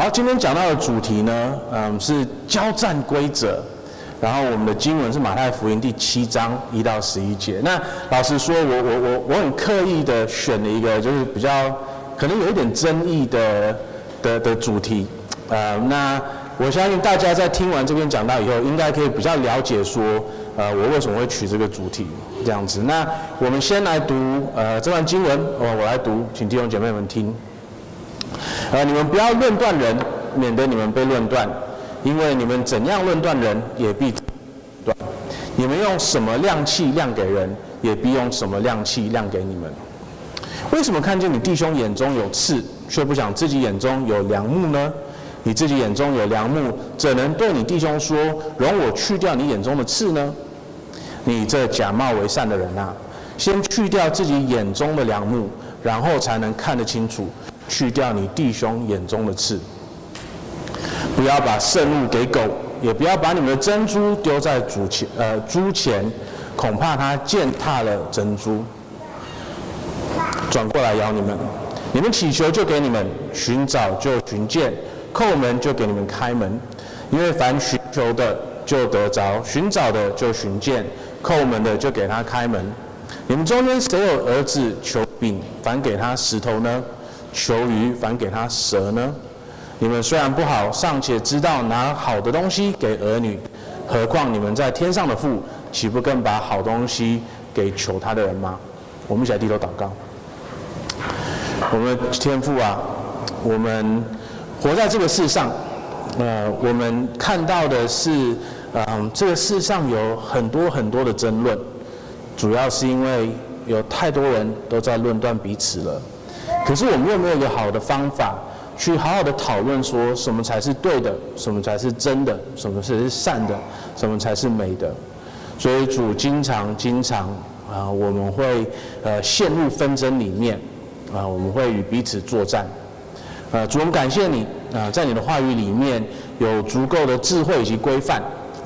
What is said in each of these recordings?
好，今天講到的主題呢，嗯、呃，是交戰規則。然後我們的經文是馬太福音第七章一到十一節。那老實說我，我我我我很刻意的選了一個就是比較可能有一點爭議的的的主題。呃，那我相信大家在聽完這篇講道以後，應該可以比較了解說，呃，我為什麼會取這個主題這樣子。那我們先來讀呃這段經文，我、哦、我來讀，請弟兄姐妹們聽。呃，你們不要論斷人，免得你們被論斷。因為你們怎樣論斷人，也必論斷；你們用什麼量器量給人，也必用什麼量器量給你們。為什麼看見你弟兄眼中有刺，卻不想自己眼中有梁木呢？你自己眼中有梁木，怎能對你弟兄說：容我去掉你眼中的刺呢？你這假冒為善的人吶、啊，先去掉自己眼中的梁木，然後才能看得清楚。去掉你弟兄眼中的刺，不要把聖物給狗，也不要把你們的珍珠丟在主前，呃，豬前，恐怕他踐踏了珍珠，轉過來咬你們。你們祈求，就給你們；尋找，就尋見；叩門，就給你們開門。因為凡尋求的，就得着；尋找的，就尋見；叩門的，就給他開門。你們中間誰有兒子求餅，反給他石頭呢？求魚，反給他蛇呢？你們雖然不好，尚且知道拿好的東西給兒女，何況你們在天上的父，豈不更把好東西給求他的人嗎？我們一起來低頭禱告。我們天父啊，我們活在這個世上，呃，我們看到的是，嗯、呃，這個世上有很多很多的爭論，主要是因為有太多人都在論斷彼此了。可是我們又沒有一個好的方法，去好好的討論說什麼才是對的，什麼才是真的，什麼才是善的，什麼才是美的，所以主經常經常啊，我們會呃陷入紛爭裡面，啊，我們會與彼此作戰，呃、啊，主，我們感謝你啊，在你的話語裡面有足夠的智慧以及規範，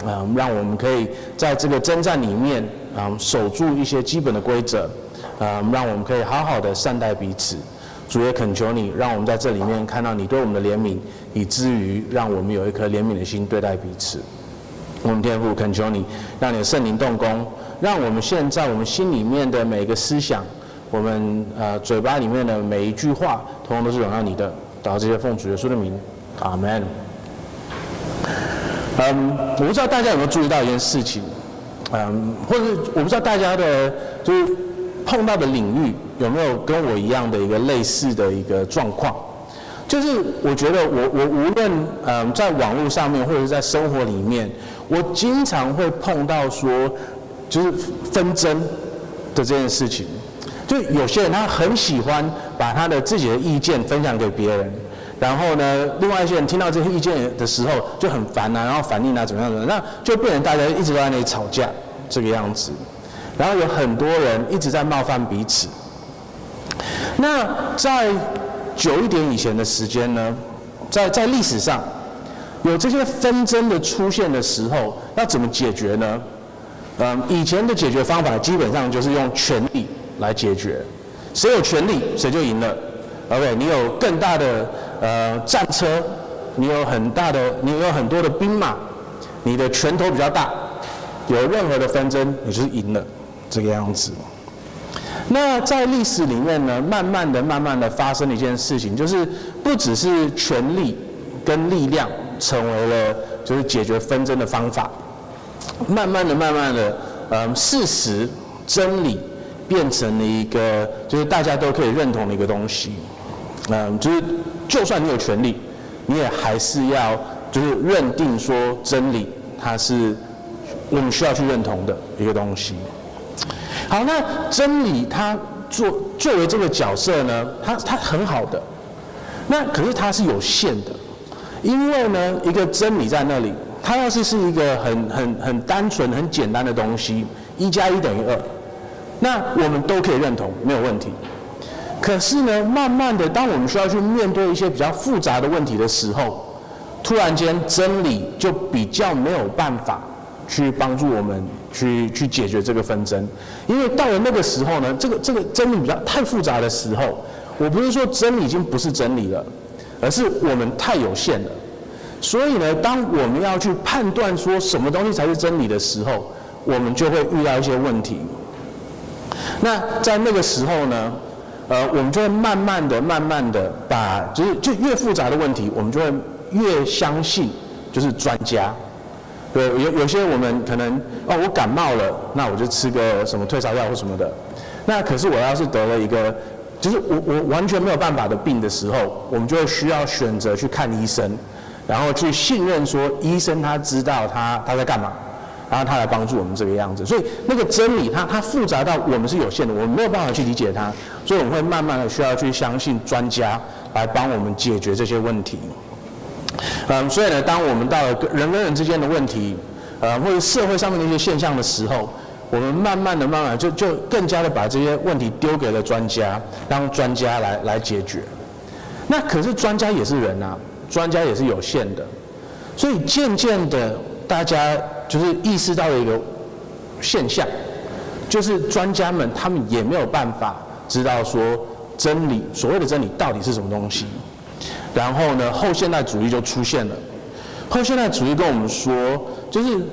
啊，讓我們可以在這個征戰裡面啊守住一些基本的規則，啊，讓我們可以好好的善待彼此。主也懇求你，讓我們在這裡面看到你對我們的憐憫，以至於讓我們有一顆憐憫的心對待彼此。我們天父懇求你，讓你的聖靈動工，讓我們現在我們心裡面的每一個思想，我們呃嘴巴裡面的每一句話，通通都是榮耀你的，禱告這些奉主耶穌的名，阿門。嗯，我不知道大家有沒有注意到一件事情，嗯，或者我不知道大家的，就是。碰到的領域有沒有跟我一樣的一個類似的一個狀況？就是我覺得我我無論嗯、呃、在網絡上面或者是在生活裡面，我經常會碰到說就是紛爭的這件事情。就有些人他很喜歡把他的自己的意見分享給別人，然後呢，另外一些人聽到這些意見的時候就很煩啊，然後反應啊，怎麼樣怎麼樣，那就變成大家一直都在那裡吵架這個樣子。然後有很多人一直在冒犯彼此。那在久一點以前的時間呢，在在歷史上有這些紛爭的出現的時候，要怎麼解決呢？嗯，以前的解決方法基本上就是用權力來解決，誰有權力誰就贏了。OK，你有更大的呃戰車，你有很大的，你有很多的兵馬，你的拳頭比較大，有任何的紛爭，你就是贏了。這個樣子，那在歷史裡面呢，慢慢的、慢慢的發生一件事情，就是不只是權力跟力量成為了就是解決紛爭的方法，慢慢的、慢慢的，嗯、呃，事實、真理變成了一個就是大家都可以認同的一個東西，嗯、呃，就是就算你有權利，你也還是要就是認定說真理，它是我們需要去認同的一個東西。好，那真理它作作為這個角色呢，它它很好的，那可是它是有限的，因為呢，一個真理在那裡，它要是是一個很很很單純、很簡單的東西，一加一等於二，那我們都可以認同，沒有問題。可是呢，慢慢的，當我們需要去面對一些比較複雜的問題的時候，突然間真理就比較沒有辦法。去幫助我們去去解決這個紛爭，因為到了那個時候呢，這個這個真理比較太複雜的時候，我不是說真理已經不是真理了，而是我們太有限了。所以呢，當我們要去判斷說什麼東西才是真理的時候，我們就會遇到一些問題。那在那個時候呢，呃，我們就會慢慢的、慢慢的把，就是就越複雜的問題，我們就會越相信就是專家。對，有有些我們可能哦，我感冒了，那我就吃個什麼退燒藥或什麼的。那可是我要是得了一個，就是我我完全沒有辦法的病的時候，我們就需要選擇去看醫生，然後去信任說醫生他知道他他在幹嘛，然後他來幫助我們這個樣子。所以那個真理它它複雜到我們是有限的，我們沒有辦法去理解它，所以我們會慢慢的需要去相信專家來幫我們解決這些問題。嗯，所以呢，當我們到了人跟人之間的問題，呃，或者社會上面的一些現象的時候，我們慢慢的、慢慢的，就就更加的把這些問題丟給了專家，讓專家來來解決。那可是專家也是人啊，專家也是有限的，所以漸漸的，大家就是意識到了一個現象，就是專家們他們也沒有辦法知道說真理，所謂的真理到底是什麼東西。然後呢，後現代主義就出現了。後現代主義跟我們說，就是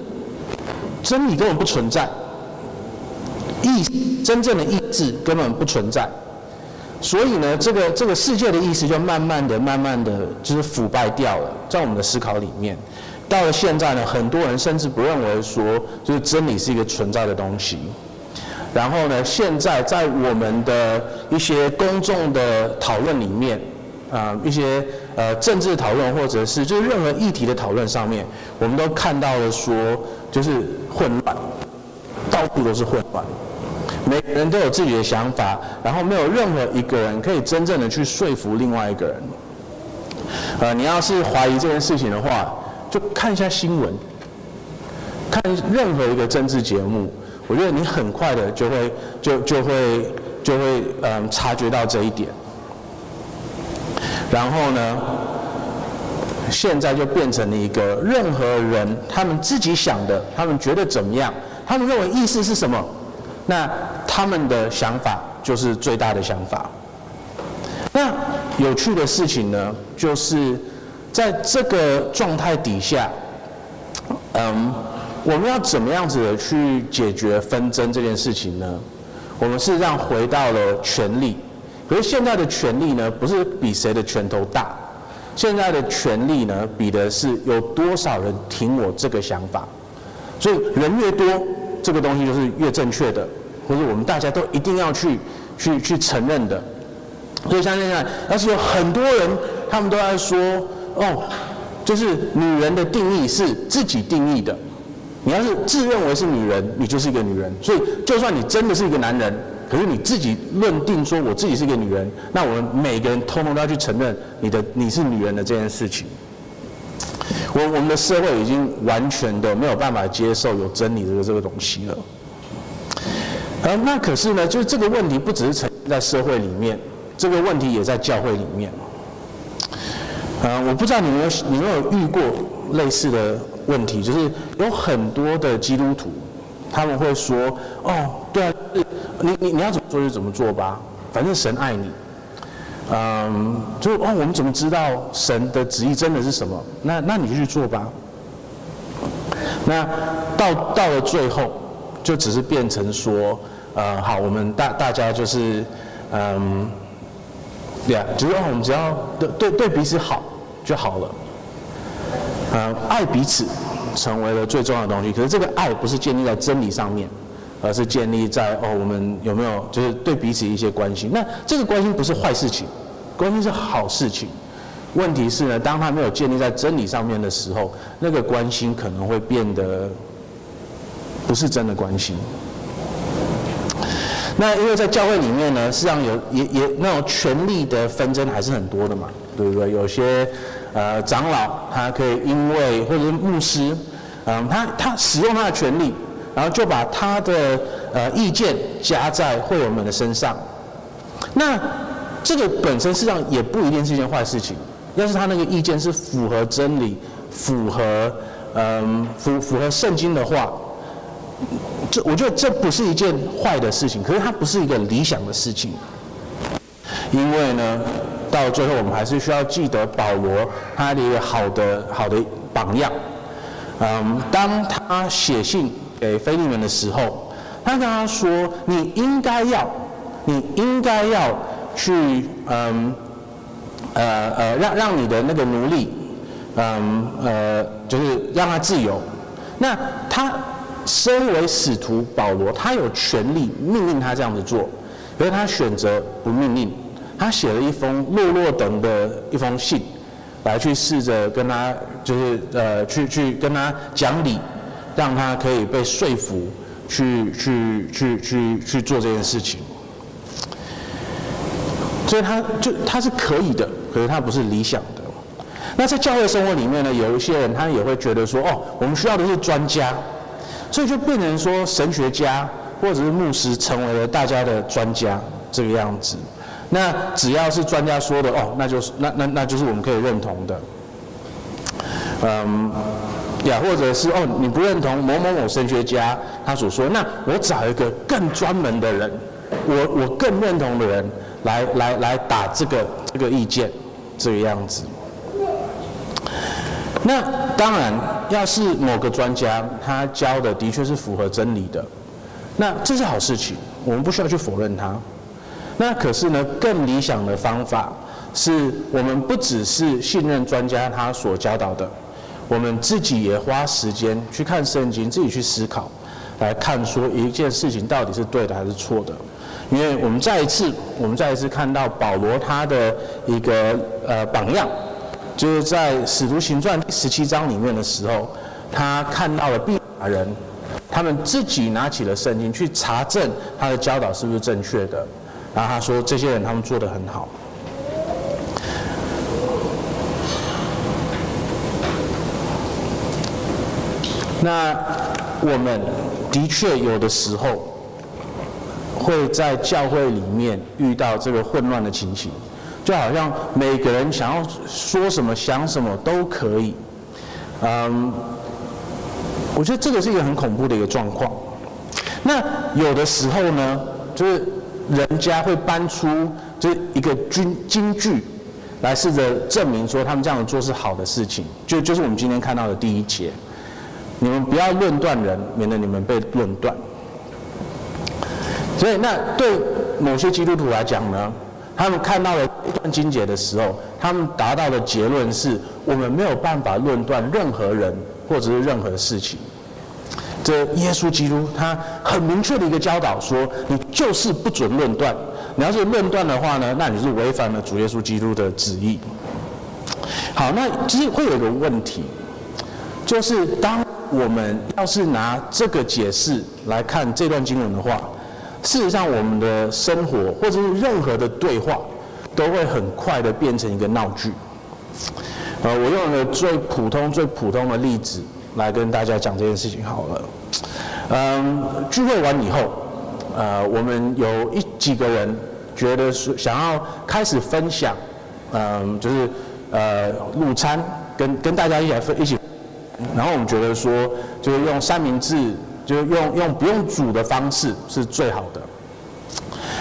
真理根本不存在，意真正的意志根本不存在。所以呢，這個這個世界的意識就慢慢的、慢慢的就是腐敗掉了，在我們的思考裡面。到了現在呢，很多人甚至不認為說，就是真理是一個存在的東西。然後呢，現在在我們的一些公眾的討論裡面。啊、呃，一些呃政治討論，或者是就是任何議題的討論上面，我們都看到了說，就是混亂，到處都是混亂，每個人都有自己的想法，然後沒有任何一個人可以真正的去說服另外一個人。呃，你要是懷疑這件事情的話，就看一下新聞，看任何一個政治節目，我覺得你很快的就會就就會就會嗯、呃、察覺到這一點。然後呢，現在就變成了一個任何人，他們自己想的，他們覺得怎麼樣，他們認為意思是什麼，那他們的想法就是最大的想法。那有趣的事情呢，就是在這個狀態底下，嗯，我們要怎麼樣子的去解決紛爭這件事情呢？我們事實上回到了權力。所以現在的權力呢，不是比誰的拳頭大，現在的權力呢，比的是有多少人聽我這個想法，所以人越多，這個東西就是越正確的，或、就是我們大家都一定要去，去去承認的。所以像現在，而且有很多人，他們都在說，哦，就是女人的定義是自己定義的，你要是自認為是女人，你就是一個女人。所以就算你真的是一個男人。可是你自己認定說我自己是一個女人，那我們每個人通通都要去承認你的，你是女人的這件事情。我我們的社會已經完全的沒有辦法接受有真理的這個東西了。啊，那可是呢，就是這個問題不只是呈現在社會裡面，這個問題也在教會裡面。啊，我不知道你有沒有你有沒有遇過類似的問題，就是有很多的基督徒他們會說，哦，對啊。你你你要怎麼做就怎麼做吧，反正神愛你，嗯，就哦我們怎麼知道神的旨意真的是什麼？那那你就去做吧。那到到了最後，就只是變成說，呃好，我們大大家就是，嗯，對、yeah, 啊，只是哦我們只要對對對彼此好就好了，嗯，愛彼此成為了最重要的東西。可是這個愛不是建立在真理上面。而是建立在哦，我們有沒有就是對彼此一些關心？那這個關心不是壞事情，關心是好事情。問題是呢，當他沒有建立在真理上面的時候，那個關心可能會變得不是真的關心。那因為在教會裡面呢，實際上有也也那種權力的紛爭還是很多的嘛，對不對？有些呃長老他可以因為或者是牧師，嗯、呃，他他使用他的權力。然後就把他的呃意見加在會友們的身上。那這個本身實際上也不一定是一件壞事情。要是他那個意見是符合真理，符合嗯符符合聖經的話，這我覺得這不是一件壞的事情。可是它不是一個理想的事情，因為呢，到最後我們還是需要記得保羅他的一個好的好的榜樣。嗯，當他寫信。給腓利門的時候，他跟他說：“你應該要，你應該要去，嗯，呃呃，讓讓你的那個奴隸，嗯呃，就是讓他自由。”那他身為使徒保羅，他有權利命令他這樣子做，可是他選擇不命令，他寫了一封落落長的一封信，來去試着跟他，就是呃，去去跟他講理。讓他可以被說服，去去去去去做這件事情，所以他就他是可以的，可是他不是理想的。那在教會生活裡面呢，有一些人他也會覺得說：“哦，我們需要的是專家，所以就變成說神學家或者是牧師成為了大家的專家這個樣子。那只要是專家說的哦，那就是那那那就是我們可以認同的。”嗯。呀，yeah, 或者是哦，你不認同某某某神學家他所說，那我找一個更專門的人，我我更認同的人來來來打這個這個意見，這個樣子。那當然，要是某個專家他教的的確是符合真理的，那這是好事情，我們不需要去否認他。那可是呢，更理想的方法是我們不只是信任專家他所教導的。我們自己也花時間去看聖經，自己去思考，來看說一件事情到底是對的還是錯的。因為我們再一次，我們再一次看到保羅他的一個呃榜樣，就是在《使徒行傳》第十七章裡面的時候，他看到了庇哩亞人，他們自己拿起了聖經去查證他的教導是不是正確的。然後他說，這些人他們做得很好。那我們的確有的時候會在教會裡面遇到這個混亂的情形，就好像每個人想要說什麼、想什麼都可以。嗯，我覺得這個是一個很恐怖的一個狀況。那有的時候呢，就是人家會搬出就是一個金金句來試着證明說，他們這樣做是好的事情。就就是我們今天看到的第一節。你們不要論斷人，免得你們被論斷。所以，那對某些基督徒來講呢，他們看到了一段經節的時候，他們達到的結論是我們沒有辦法論斷任何人或者是任何事情。這耶穌基督他很明確的一個教導說：“你就是不准論斷，你要是論斷的話呢，那你是違反了主耶穌基督的旨意。”好，那其實會有一個問題，就是當，我們要是拿這個解釋來看這段經文的話，事實上我們的生活或者是任何的對話，都會很快的變成一個鬧劇。呃，我用了最普通、最普通的例子來跟大家講這件事情好了。嗯，聚會完以後，呃，我們有一幾個人覺得是想要開始分享，嗯、呃，就是呃，午餐跟跟大家一起來分一起，然後我們覺得說，就是用三明治，就用用不用煮的方式是最好的。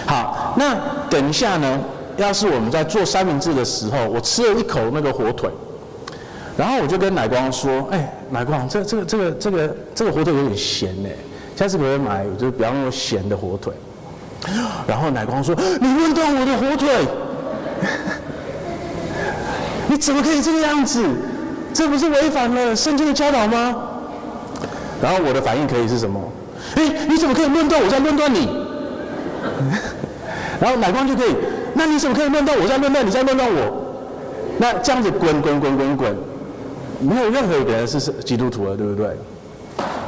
好，那等一下呢？要是我們在做三明治的時候，我吃了一口那個火腿，然後我就跟奶光說：“哎，奶光，這這這個這個、這個、這個火腿有點鹹哎，下次別買，就是不要用鹹的火腿。”然後奶光說：“你亂動我的火腿， 你怎麼可以這個樣子？”這不是違反了聖經的教導嗎？然後我的反應可以是什麼？哎，你怎麼可以論斷我，在論斷你？然後奶光就可以，那你怎麼可以論斷我，在論斷你，在論斷我？那這樣子滾滾滾滾滾，沒有任何一個人是基督徒了，對不對？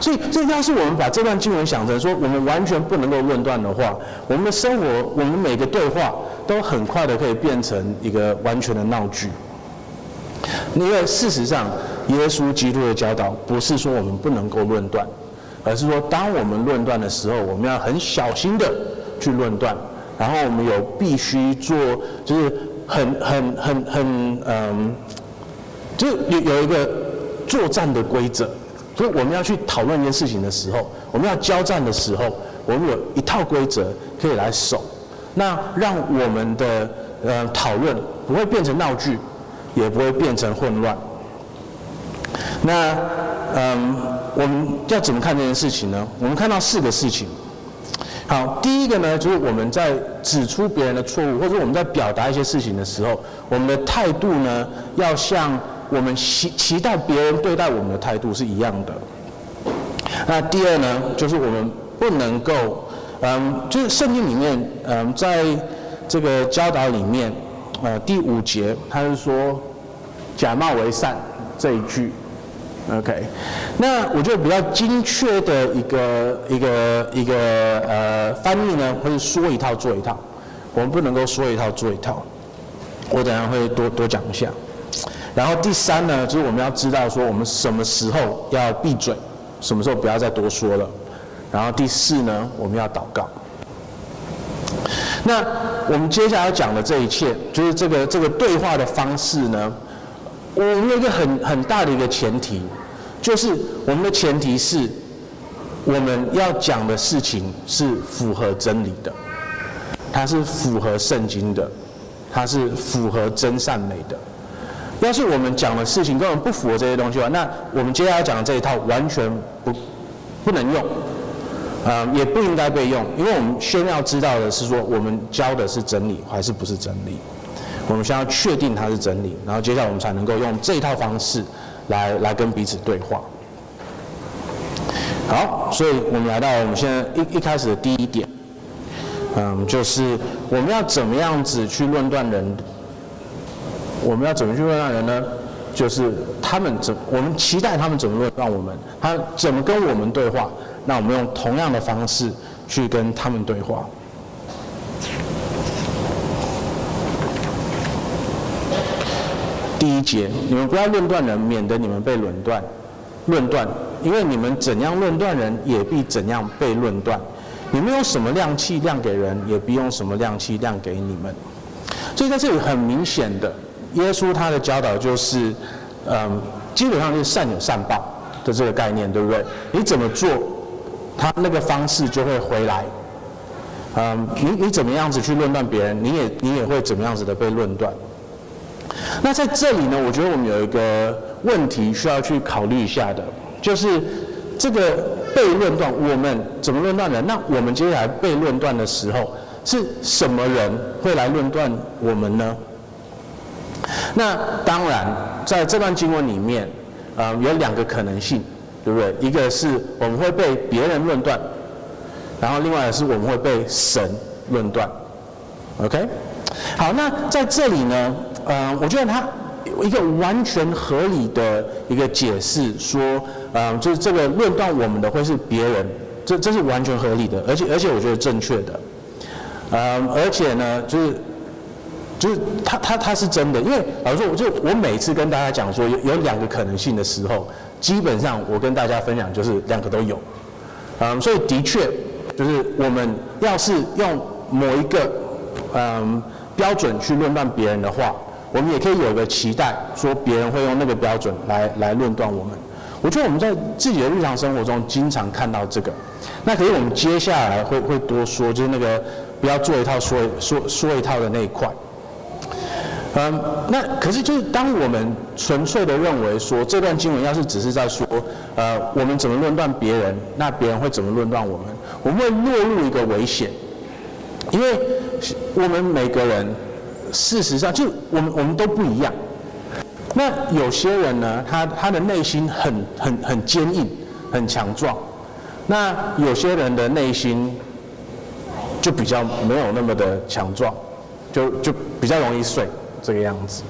所以，這要是我們把這段經文想成說我們完全不能夠論斷的話，我們的生活，我們每個對話，都很快的可以變成一個完全的鬧劇。因為事實上，耶穌基督的教導不是說我們不能夠論斷，而是說當我們論斷的時候，我們要很小心的去論斷。然後我們有必須做，就是很很很很嗯，就有有一個作戰的規則。所以我們要去討論一件事情的時候，我們要交戰的時候，我們有一套規則可以來守，那讓我們的呃討論不會變成鬧劇。也不會變成混亂。那，嗯，我們要怎麼看這件事情呢？我們看到四個事情。好，第一個呢，就是我們在指出別人的錯誤，或者我們在表達一些事情的時候，我們的態度呢，要像我們期期待別人對待我們的態度是一樣的。那第二呢，就是我們不能夠，嗯，就是聖經裡面，嗯，在這個教導裡面。呃，第五節他是說“假冒為善”這一句，OK。那我覺得比較精確的一個一個一個呃翻譯呢，會是說一套做一套。我們不能夠說一套做一套。我等一下會多多講一下。然後第三呢，就是我們要知道說我們什麼時候要閉嘴，什麼時候不要再多說了。然後第四呢，我們要禱告。那我們接下來要講的這一切，就是這個這個對話的方式呢，我們有一個很很大的一個前提，就是我們的前提是，我們要講的事情是符合真理的，它是符合聖經的，它是符合真善美的。要是我們講的事情根本不符合這些東西的話，那我們接下來講的這一套完全不不能用。嗯，也不應該被用，因為我們先要知道的是說，我們教的是真理還是不是真理？我們先要確定它是真理，然後接下來我們才能夠用這一套方式來，來來跟彼此對話。好，所以我們來到我們現在一一開始的第一點，嗯，就是我們要怎麼樣子去論斷人？我們要怎麼去論斷人呢？就是他們怎，我們期待他們怎麼論斷我們？他怎麼跟我們對話？那我們用同樣的方式去跟他們對話。第一節，你們不要論斷人，免得你們被論斷。論斷，因為你們怎樣論斷人，也必怎樣被論斷。你們用什麼量器量給人，也必用什麼量器量給你們。所以在這裡很明顯的，耶穌他的教導就是，嗯，基本上就是善有善報的這個概念，對不對？你怎麼做，他那個方式就會回來，嗯，你你怎麼樣子去論斷別人，你也你也會怎麼樣子的被論斷。那在這裡呢，我覺得我們有一個問題需要去考慮一下的，就是這個被論斷，我們怎麼論斷的？那我們接下來被論斷的時候，是什麼人會來論斷我們呢？那當然，在這段經文裡面，嗯，有兩個可能性。對不對？一個是我們會被別人論斷，然後另外是我們會被神論斷，OK？好，那在這裡呢，呃，我覺得他一個完全合理的一個解釋，說，呃，就是這個論斷我們的會是別人，這這是完全合理的，而且而且我覺得正確的，呃，而且呢，就是就是他他他是真的，因為，比如說，我就我每次跟大家講說有有兩個可能性的時候。基本上我跟大家分享就是兩個都有，嗯、um，所以的確就是我們要是用某一個嗯、um，標準去論斷別人的話，我們也可以有個期待，說別人會用那個標準來來論斷我們。我覺得我們在自己的日常生活中經常看到這個，那可是我們接下來會會多說，就是那個不要做一套說一說說一套的那一塊。嗯，那可是就是當我們純粹的認為說這段經文要是只是在說，呃，我們怎麼論斷別人，那別人會怎麼論斷我們？我們會落入一個危險，因為我們每個人事實上就我們我們都不一樣。那有些人呢，他他的內心很很很堅硬，很強壯；那有些人的內心就比較沒有那麼的強壯，就就比較容易碎。這個樣子，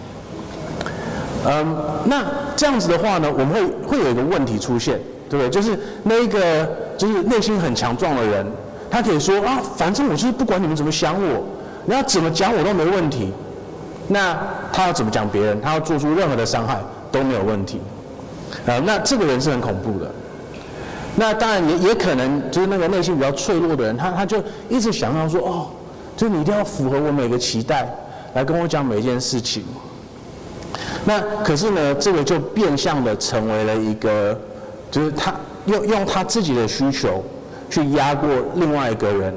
嗯，那這樣子的話呢，我們會會有一個問題出現，對不對？就是那個就是內心很強壯的人，他可以說啊，反正我就是不管你們怎麼想我，你要怎麼講我都沒問題。那他要怎麼講別人，他要做出任何的傷害都沒有問題。啊、呃，那這個人是很恐怖的。那當然也也可能就是那個內心比較脆弱的人，他他就一直想要說哦，就是你一定要符合我每個期待。來跟我講每一件事情，那可是呢，這個就變相的成為了一個，就是他用用他自己的需求去壓過另外一個人，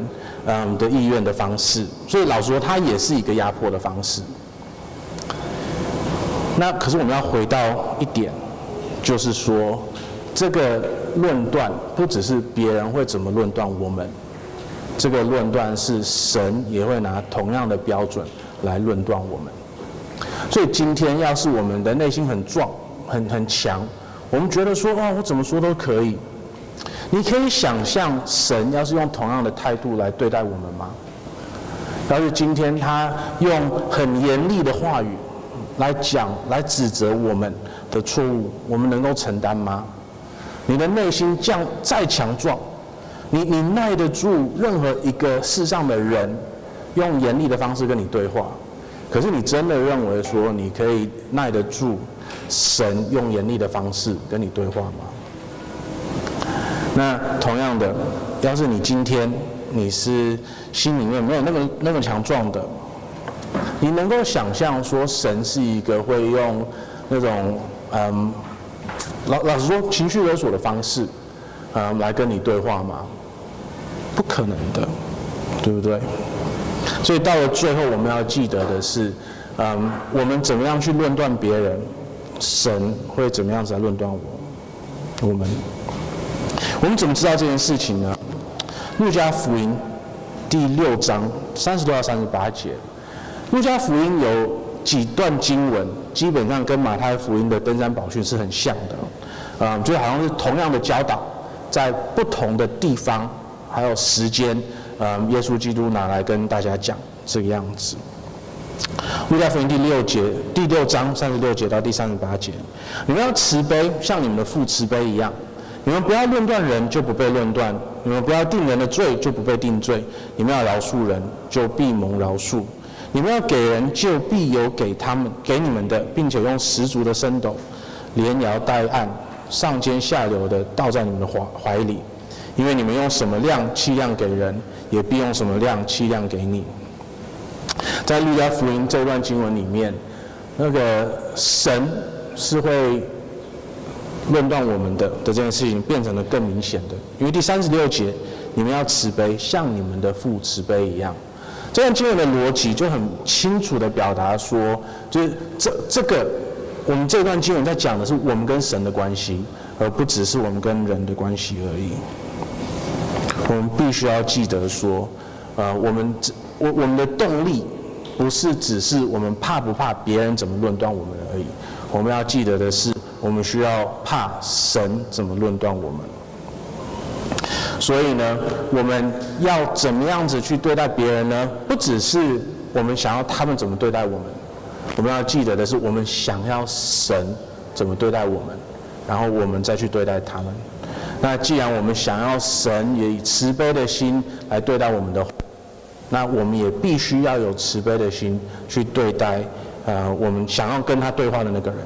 嗯的意願的方式，所以老實說，他也是一個壓迫的方式。那可是我們要回到一點，就是說，這個論斷不只是別人會怎麼論斷我們，這個論斷是神也會拿同樣的標準來論斷我們，所以今天要是我們的內心很壯、很很強，我們覺得說啊，我怎麼說都可以。你可以想象神要是用同樣的態度來對待我們嗎？要是今天他用很嚴厲的話語來講、來指責我們的錯誤，我們能夠承擔嗎？你的內心這樣再強壯，你你耐得住任何一個世上的人，用嚴厲的方式跟你對話，可是你真的認為說你可以耐得住神用嚴厲的方式跟你對話嗎？那同樣的，要是你今天你是心裡面沒有那麼那麼強壯的，你能夠想象說神是一個會用那種嗯老老實說情緒勒索的方式啊、嗯、來跟你對話嗎？不可能的，對不對？所以到了最後，我們要記得的是，嗯，我們怎麼樣去論斷別人，神會怎麼樣子來論斷我，我們，我們怎麼知道這件事情呢？路加福音第六章三十多到三十八節，路加福音有幾段經文，基本上跟馬太福音的登山寶訓是很像的，啊、嗯，就好像是同樣的教導，在不同的地方，還有時間。啊、嗯！耶穌基督拿來跟大家講這個樣子。路加福音第六節第六章三十六節到第三十八節，你們要慈悲，像你們的父慈悲一樣；你們不要論斷人，就不被論斷；你們不要定人的罪，就不被定罪；你們要饒恕人，就必蒙饒恕；你們要給人，就必有給他們給你們的，並且用十足的升斗連搖帶按，上尖下流的倒在你們的懷懷裡，因為你們用什麼量器量給人。也必用什麼量器量給你，在《路加福音》這段經文裡面，那個神是會論斷我們的的這件事情，變成了更明顯的。因為第三十六節，你們要慈悲，像你們的父慈悲一樣。這段經文的邏輯就很清楚的表達說，就是這這個我們這段經文在講的是我們跟神的關係，而不只是我們跟人的關係而已。我們必須要記得說，呃，我們我我們的動力不是只是我們怕不怕別人怎麼論斷我們而已，我們要記得的是，我們需要怕神怎麼論斷我們。所以呢，我們要怎麼樣子去對待別人呢？不只是我們想要他們怎麼對待我們，我們要記得的是，我們想要神怎麼對待我們，然後我們再去對待他們。那既然我們想要神也以慈悲的心來對待我們的話，那我們也必須要有慈悲的心去對待，呃，我們想要跟他對話的那個人。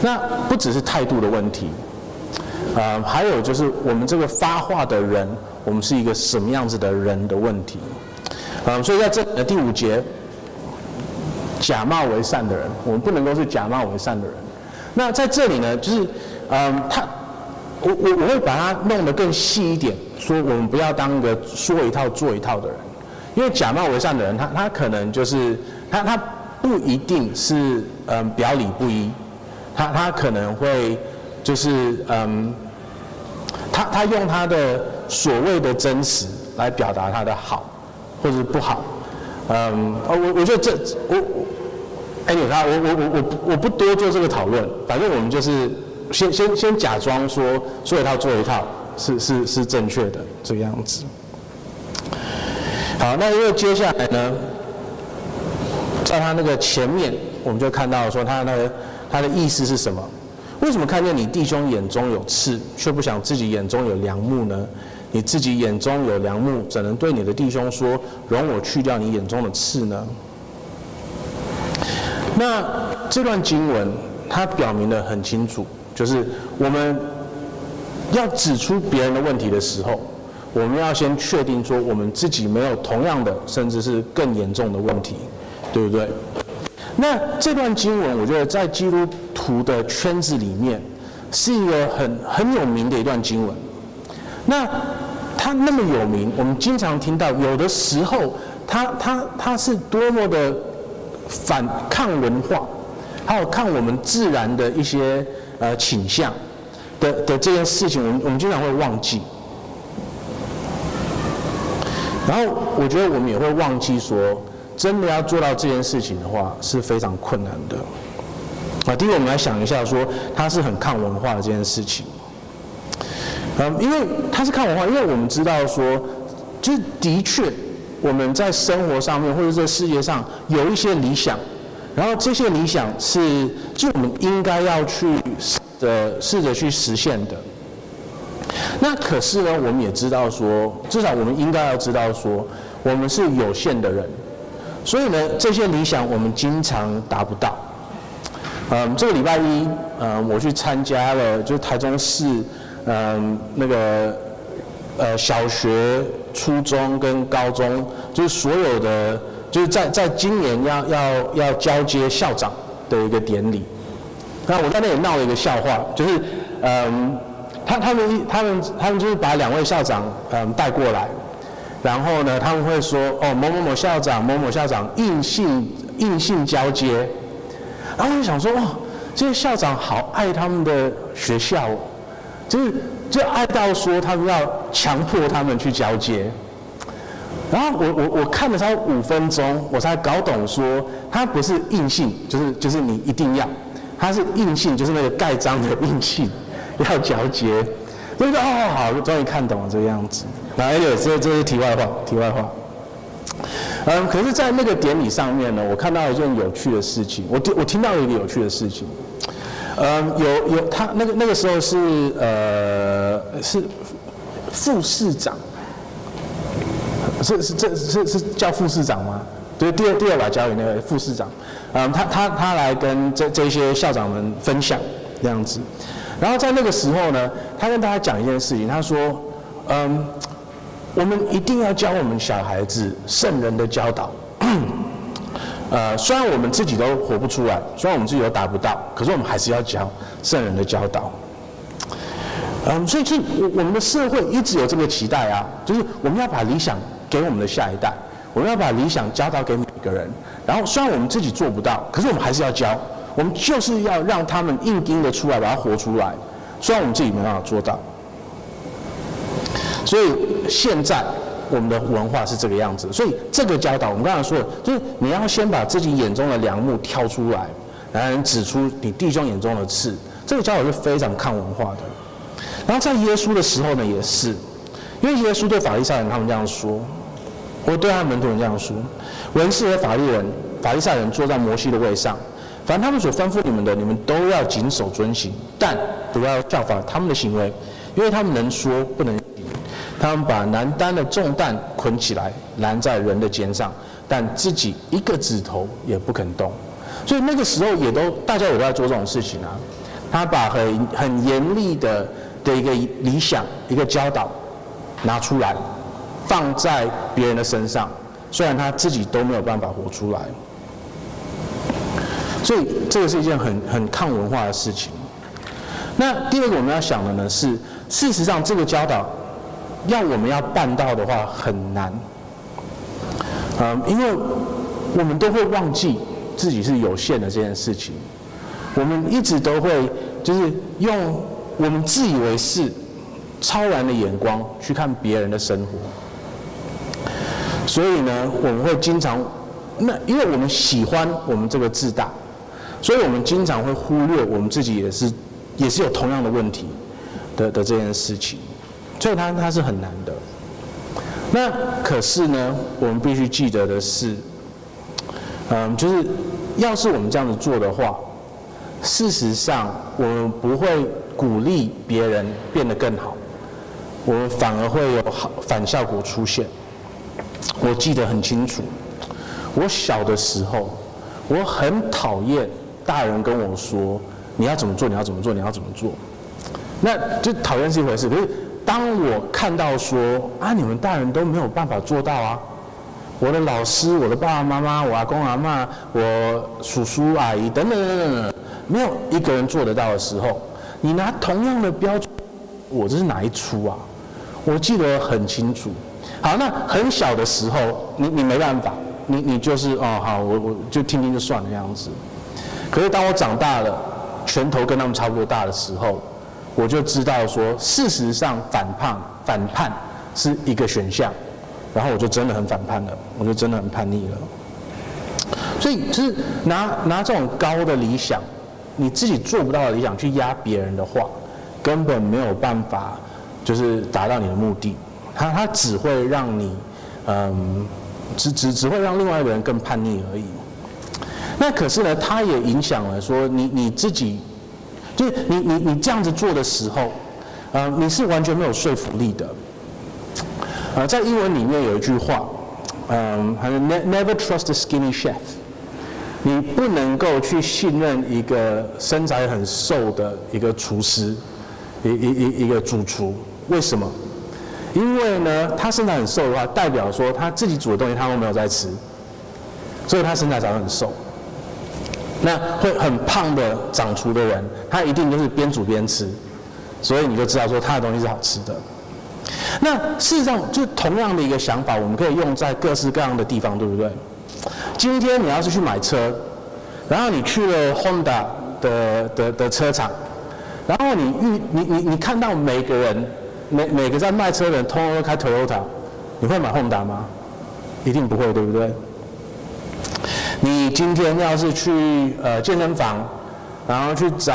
那不只是態度的問題，呃，還有就是我們這個發話的人，我們是一個什麼樣子的人的問題，啊、呃、所以在這呃第五節，假冒為善的人，我們不能夠是假冒為善的人。那在這裡呢，就是，嗯，他，我我我會把它弄得更細一點，說我們不要當一個說一套做一套的人，因為假冒偽善的人，他他可能就是他他不一定是嗯表裡不一，他他可能會就是嗯，他他用他的所謂的真實來表達他的好或者是不好，嗯，我我覺得這我。哎、欸，你看，我我我我不我不多做這個討論，反正我們就是先先先假裝說說一套做一套，是是是正確的這個樣子。好，那因為接下來呢，在他那個前面，我們就看到說他那個，他的意思是什麼？為什麼看見你弟兄眼中有刺，卻不想自己眼中有梁木呢？你自己眼中有梁木，怎能對你的弟兄說容我去掉你眼中的刺呢？那這段經文，它表明得很清楚，就是我們要指出別人的問題的時候，我們要先確定說我們自己沒有同樣的，甚至是更嚴重的問題，對不對？那這段經文，我覺得在基督徒的圈子裡面是一個很很有名的一段經文。那它那麼有名，我們經常聽到，有的時候，它它它是多麼的。反抗文化，還有抗我們自然的一些呃傾向的的這件事情，我們我們經常會忘記。然後我覺得我們也會忘記說，真的要做到這件事情的話是非常困難的。啊、呃，第一個我們來想一下說，它是很抗文化的這件事情。嗯、呃，因為它是抗文化，因為我們知道說，就是的確。我們在生活上面，或者這世界上有一些理想，然後這些理想是就我們應該要去試著，試着去實現的。那可是呢，我們也知道說，至少我們應該要知道說，我們是有限的人，所以呢，這些理想我們經常達不到。嗯，這個禮拜一，嗯，我去參加了，就是台中市，嗯，那個。呃，小學、初中跟高中，就是所有的，就是在在今年要要要交接校長的一個典禮。那我在那裡鬧了一個笑話，就是，嗯、呃，他他們他們他們就是把兩位校長嗯帶、呃、過來，然後呢他們會說哦，某某某校長某某某校長硬性硬性交接。然後我就想說哇、哦，這些校長好愛他們的學校，就是。就愛到說他們要強迫他們去交接，然後我我我看了他五分鐘，我才搞懂說他不是硬性，就是就是你一定要，他是硬性，就是那個蓋章的硬性要交接，所以說哦好，我終於看懂了這個樣子。來，這這是題外話，題外話。嗯，可是，在那個典禮上面呢，我看到了一件有趣的事情，我我聽到了一個有趣的事情。嗯，有有，他那個那個時候是呃是副市長，是是，這是是叫副市長嗎？對，第二第二把交椅那位副市長，嗯，他他他來跟這這些校長們分享這樣子，然後在那個時候呢，他跟大家講一件事情，他說，嗯，我們一定要教我們小孩子聖人的教導。 呃，雖然我們自己都活不出來，雖然我們自己都達不到，可是我們還是要教聖人的教導。嗯、呃，所以這我我們的社會一直有這個期待啊，就是我們要把理想給我們的下一代，我們要把理想教導給每個人。然後雖然我們自己做不到，可是我們還是要教，我們就是要讓他們硬盯的出來，把它活出來。雖然我們自己沒辦法做到，所以現在。我們的文化是這個樣子，所以這個教導，我們剛才說的，就是你要先把自己眼中的梁木挑出來，然後指出你弟兄眼中的刺。這個教導是非常抗文化的。然後在耶穌的時候呢，也是，因為耶穌對法利賽人他們這樣說，我對他門徒們這樣說：文士和法利人、法利賽人坐在摩西的位上，凡他們所吩咐你們的，你們都要謹守遵行，但不要效法他們的行為，因為他們能說不能。他們把難擔的重擔捆起來，攔在人的肩上，但自己一個指頭也不肯動。所以那個時候也都大家也在做這種事情啊。他把很很嚴厲的的一個理想、一個教導拿出來，放在別人的身上，雖然他自己都沒有辦法活出來。所以這個是一件很很抗文化的事情。那第二個我們要想的呢，是事實上這個教導。要我們要辦到的話很難，嗯，啊，因為我們都會忘記自己是有限的這件事情，我們一直都會就是用我們自以為是超然的眼光去看別人的生活，所以呢，我們會經常，那因為我們喜歡我們這個自大，所以我們經常會忽略我們自己也是也是有同樣的問題的的這件事情。所以他他是很難的。那可是呢，我們必須記得的是，嗯，就是要是我們這樣子做的話，事實上我們不會鼓勵別人變得更好，我們反而會有好反效果出現。我記得很清楚，我小的時候，我很討厭大人跟我說你要怎麼做，你要怎麼做，你要怎麼做，那就討厭是一回事，可是。當我看到說啊，你們大人都沒有辦法做到啊，我的老師、我的爸爸媽媽、我阿公阿嬤、我叔叔阿姨等等等等，沒有一個人做得到的時候，你拿同樣的標準，我這是哪一出啊？我記得很清楚。好，那很小的時候，你你沒辦法，你你就是哦，好，我我就聽聽就算了這樣子。可是當我長大了，拳頭跟他們差不多大的時候。我就知道說，事實上反叛反叛是一個選項，然後我就真的很反叛了，我就真的很叛逆了。所以就是拿拿這種高的理想，你自己做不到的理想去壓別人的話，根本沒有辦法，就是達到你的目的。他他只會讓你，嗯，只只只會讓另外一個人更叛逆而已。那可是呢，他也影響了說你你自己。就是你你你這樣子做的時候，啊、呃，你是完全沒有說服力的。啊、呃，在英文裡面有一句話，嗯、呃，還是 Never trust a skinny chef。你不能夠去信任一個身材很瘦的一個廚師，一個一一一個主廚，為什麼？因為呢，他身材很瘦的話，代表說他自己煮的東西他都沒有在吃，所以他身材長得很瘦。那會很胖的掌廚，的人，他一定就是邊煮邊吃，所以你就知道說他的東西是好吃的。那事實上，就同樣的一個想法，我們可以用在各式各樣的地方，對不對？今天你要是去買車，然後你去了 Honda 的的的車廠，然後你遇你你你看到每個人每每個在賣車的人，通通都開 Toyota，你會買 Honda 嗎？一定不會，對不對？你今天要是去呃健身房，然後去找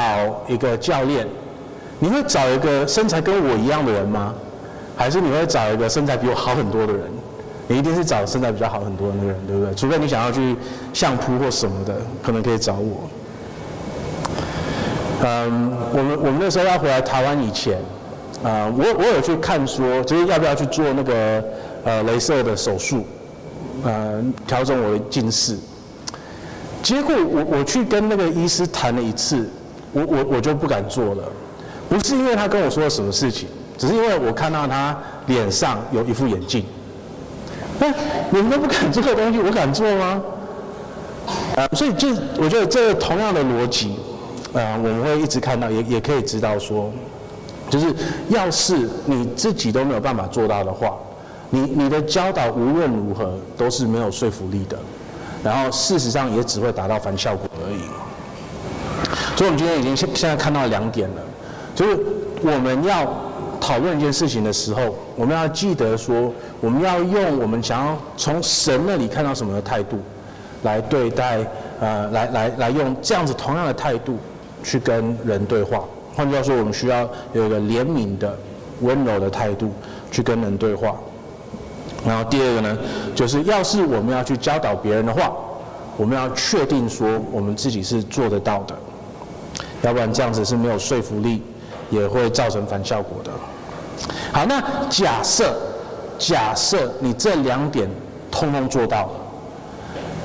一個教練，你會找一個身材跟我一樣的人嗎？還是你會找一個身材比我好很多的人？你一定是找身材比較好很多的那個人，對不對？除非你想要去相撲或什麼的，可能可以找我。嗯，我們我們那時候要回來台灣以前，啊、呃，我我有去看說，就是要不要去做那個呃雷射的手術，嗯、呃，調整我的近視。結果我我去跟那個醫師談了一次，我我我就不敢做了，不是因為他跟我說了什麼事情，只是因為我看到他臉上有一副眼鏡，那你們都不敢做的東西，我敢做嗎？啊、呃，所以就我覺得這個同樣的邏輯，啊、呃，我們會一直看到，也也可以知道說，就是要是你自己都沒有辦法做到的話，你你的教導無論如何都是沒有說服力的。然後事實上也只會達到反效果而已。所以，我們今天已經現現在看到了兩點了，就是我們要討論一件事情的時候，我們要記得說，我們要用我們想要從神那裡看到什麼的態度，來對待，呃，來來來用這樣子同樣的態度去跟人對話。換句話說，我們需要有一個憐憫的、溫柔的態度去跟人對話。然後第二個呢，就是要是我們要去教導別人的話，我們要確定說我們自己是做得到的，要不然這樣子是沒有說服力，也會造成反效果的。好，那假設假設你這兩點通通做到了，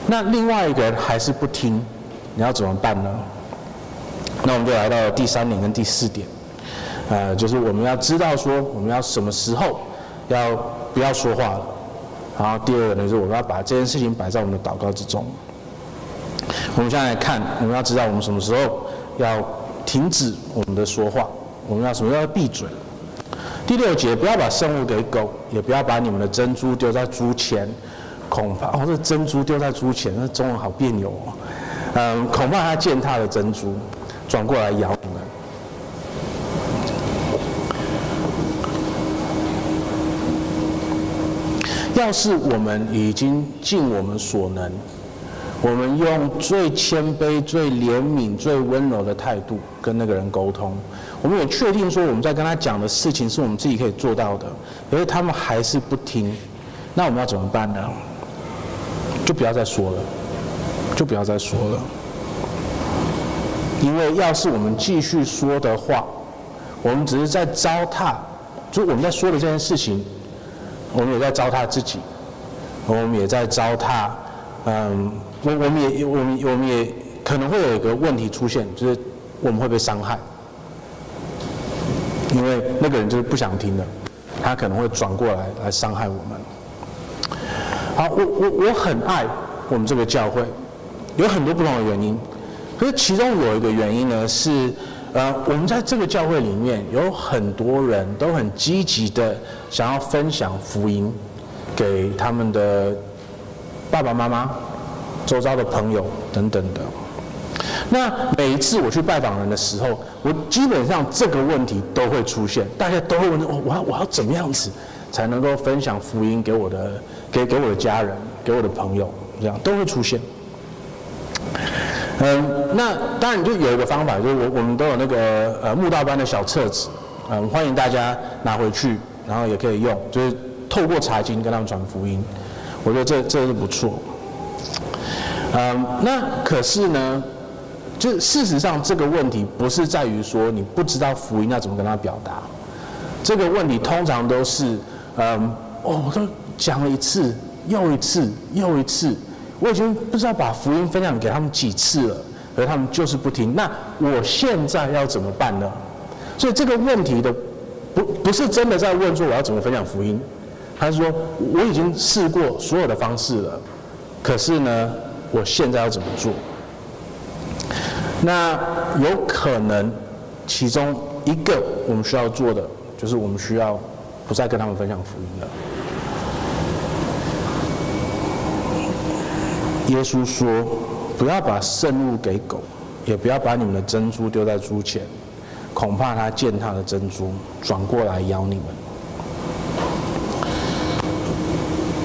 那另外一個人還是不聽，你要怎麼辦呢？那我們就來到了第三點跟第四點，呃，就是我們要知道說我們要什麼時候。要不要說話了？然後第二個呢，是我們要把這件事情擺在我們的禱告之中。我們現在來看，我們要知道我們什麼時候要停止我們的說話，我們要什麼時候要閉嘴。第六節，不要把聖物給狗，也不要把你們的珍珠丟在豬前，恐怕哦，這珍珠丟在豬前，那中文好彆扭哦，嗯，恐怕它踐踏了珍珠，轉過來咬你們。要是我們已經盡我們所能，我們用最謙卑、最憐憫、最溫柔的態度跟那個人溝通，我們也確定說我們在跟他講的事情是我們自己可以做到的，可是他們還是不聽，那我們要怎麼辦呢？就不要再說了，就不要再說了，因為要是我們繼續說的話，我們只是在糟蹋，就我們在說的這件事情。我們也在糟蹋自己，我們也在糟蹋，嗯，我們我們也我們我們也可能會有一個問題出現，就是我們會被傷害，因為那個人就是不想聽的，他可能會轉過來來傷害我們。好，我我我很愛我們這個教會，有很多不同的原因，可是其中有一個原因呢是。呃，我們在這個教會裡面有很多人都很積極的想要分享福音給他們的爸爸媽媽、周遭的朋友等等的。那每一次我去拜訪人的時候，我基本上這個問題都會出現，大家都會問：哦，我我要我要怎麼樣子才能夠分享福音給我的給給我的家人、給我的朋友？這樣都會出現。嗯，那當然就有一個方法，就是我我們都有那個呃慕道班的小冊子，嗯，歡迎大家拿回去，然後也可以用，就是透過查經跟他們傳福音，我覺得這這是不錯。嗯，那可是呢，就事實上這個問題不是在於說你不知道福音要怎麼跟他表達，這個問題通常都是嗯，哦，我都講了一次，又一次，又一次。我已經不知道把福音分享給他們幾次了，而他們就是不聽。那我現在要怎麼辦呢？所以這個問題的不不是真的在問說我要怎麼分享福音，還是說我已經試過所有的方式了，可是呢，我現在要怎麼做？那有可能其中一個我們需要做的，就是我們需要不再跟他們分享福音了。耶穌說：“不要把聖物給狗，也不要把你們的珍珠丟在豬前，恐怕他踐踏了珍珠，轉過來咬你們。”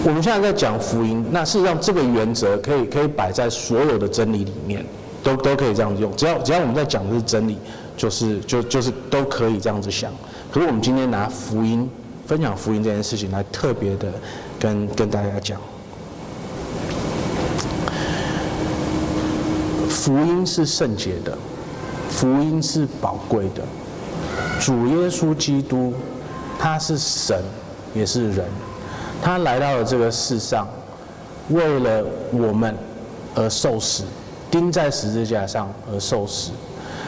我們現在在講福音，那事實上這個原則可以可以擺在所有的真理裡面，都都可以這樣子用。只要只要我們在講的是真理，就是就就是都可以這樣子想。可是我們今天拿福音分享福音這件事情來特別的跟跟大家講。福音是聖潔的，福音是寶貴的。主耶穌基督，他是神，也是人。他來到了這個世上，為了我們而受死，釘在十字架上而受死。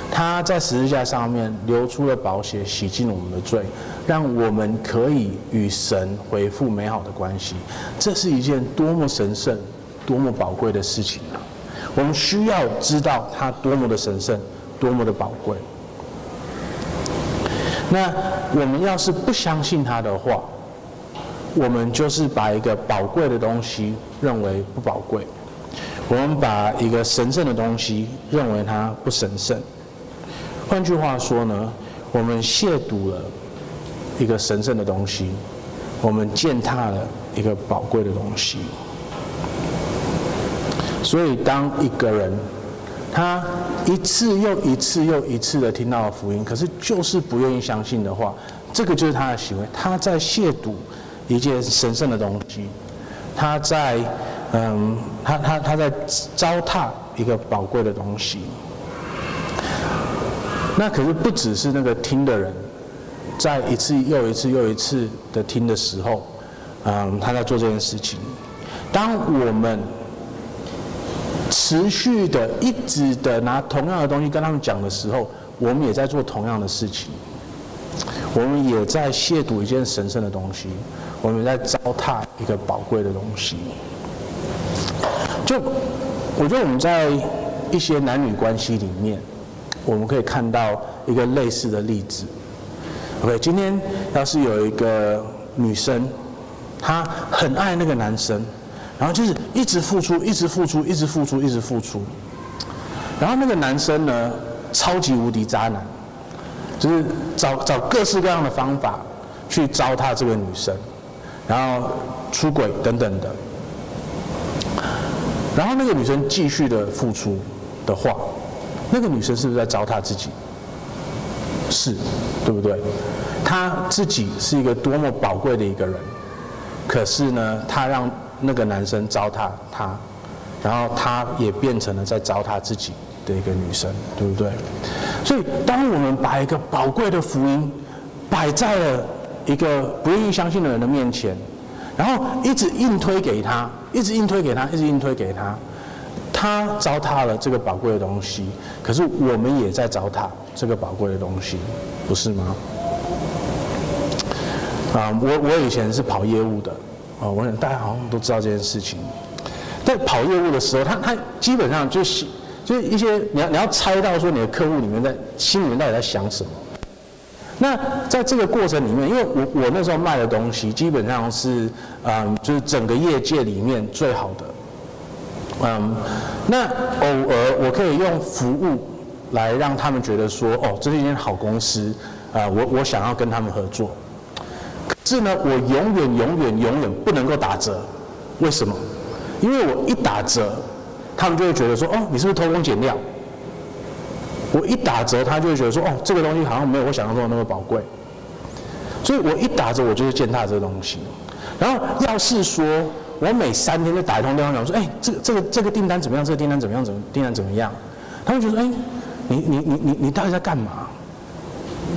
他在十字架上面流出了寶血，洗淨我們的罪，讓我們可以與神恢復美好的關係。這是一件多麼神聖、多麼寶貴的事情啊。我們需要知道它多麼的神聖，多麼的寶貴。那我們要是不相信他的話，我們就是把一個寶貴的東西認為不寶貴，我們把一個神聖的東西認為它不神聖。換句話說呢，我們褻瀆了一個神聖的東西，我們踐踏了一個寶貴的東西。所以，當一個人他一次又一次又一次的聽到了福音，可是就是不願意相信的話，這個就是他的行為。他在褻瀆一件神聖的東西，他在嗯，他他他在糟蹋一個寶貴的東西。那可是不只是那個聽的人，在一次又一次又一次的聽的時候，嗯，他在做這件事情。當我們持續的、一直的拿同樣的東西跟他們講的時候，我們也在做同樣的事情，我們也在褻瀆一件神聖的東西，我們也在糟蹋一個寶貴的東西。就我覺得我們在一些男女關係裡面，我們可以看到一個類似的例子。OK，今天要是有一個女生，她很愛那個男生。然後就是一直付出，一直付出，一直付出，一直付出。然後那個男生呢，超級無敵渣男，就是找找各式各樣的方法去糟蹋這個女生，然後出軌等等的。然後那個女生繼續的付出的話，那個女生是不是在糟蹋自己？是，對不對？她自己是一個多麽寶貴的一個人，可是呢，她讓那個男生糟蹋她，然後她也變成了在糟蹋自己的一個女生，對不對？所以，當我們把一個寶貴的福音擺在了一個不願意相信的人的面前，然後一直硬推給他，一直硬推給他，一直硬推給他，他糟蹋了這個寶貴的東西，可是我們也在糟蹋這個寶貴的東西，不是嗎？啊，我我以前是跑業務的。哦，我想大家好像都知道這件事情。在跑業務的時候，他他基本上就是就是一些你要你要猜到說你的客戶裡面在心裡面到底在想什麼。那在這個過程裡面，因為我我那時候賣的東西基本上是嗯，就是整個業界裡面最好的。嗯，那偶爾我可以用服務來讓他們覺得說哦，這是一間好公司啊，呃，我我想要跟他們合作。是呢，我永遠永遠永遠不能夠打折，為什麼？因為我一打折，他們就會覺得說，哦，你是不是偷工減料？我一打折，他就會覺得說，哦，這個東西好像沒有我想象中的那麼寶貴。所以我一打折，我就會踐踏這個東西。然後要是說我每三天就打一通電話，我說，哎、欸，這個這個這個訂單怎麼樣？這個訂單怎麼樣？怎麼訂單怎麼樣？他們覺得，哎、欸，你你你你你到底在幹嘛？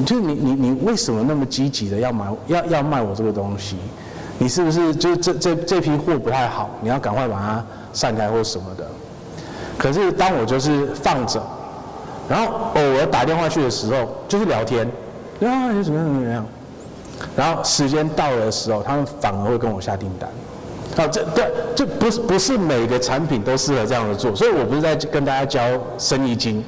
就你你你為什麼那麼積極的要買要要賣我這個東西？你是不是就這這這批貨不太好，你要趕快把它散開或什麼的？可是當我就是放着，然後偶爾打電話去的時候，就是聊天，聊你怎麼怎麼樣，然後時間到了的時候，他們反而會跟我下訂單。啊，這對就不是不是每個產品都適合這樣的做，所以我不是在跟大家教生意經。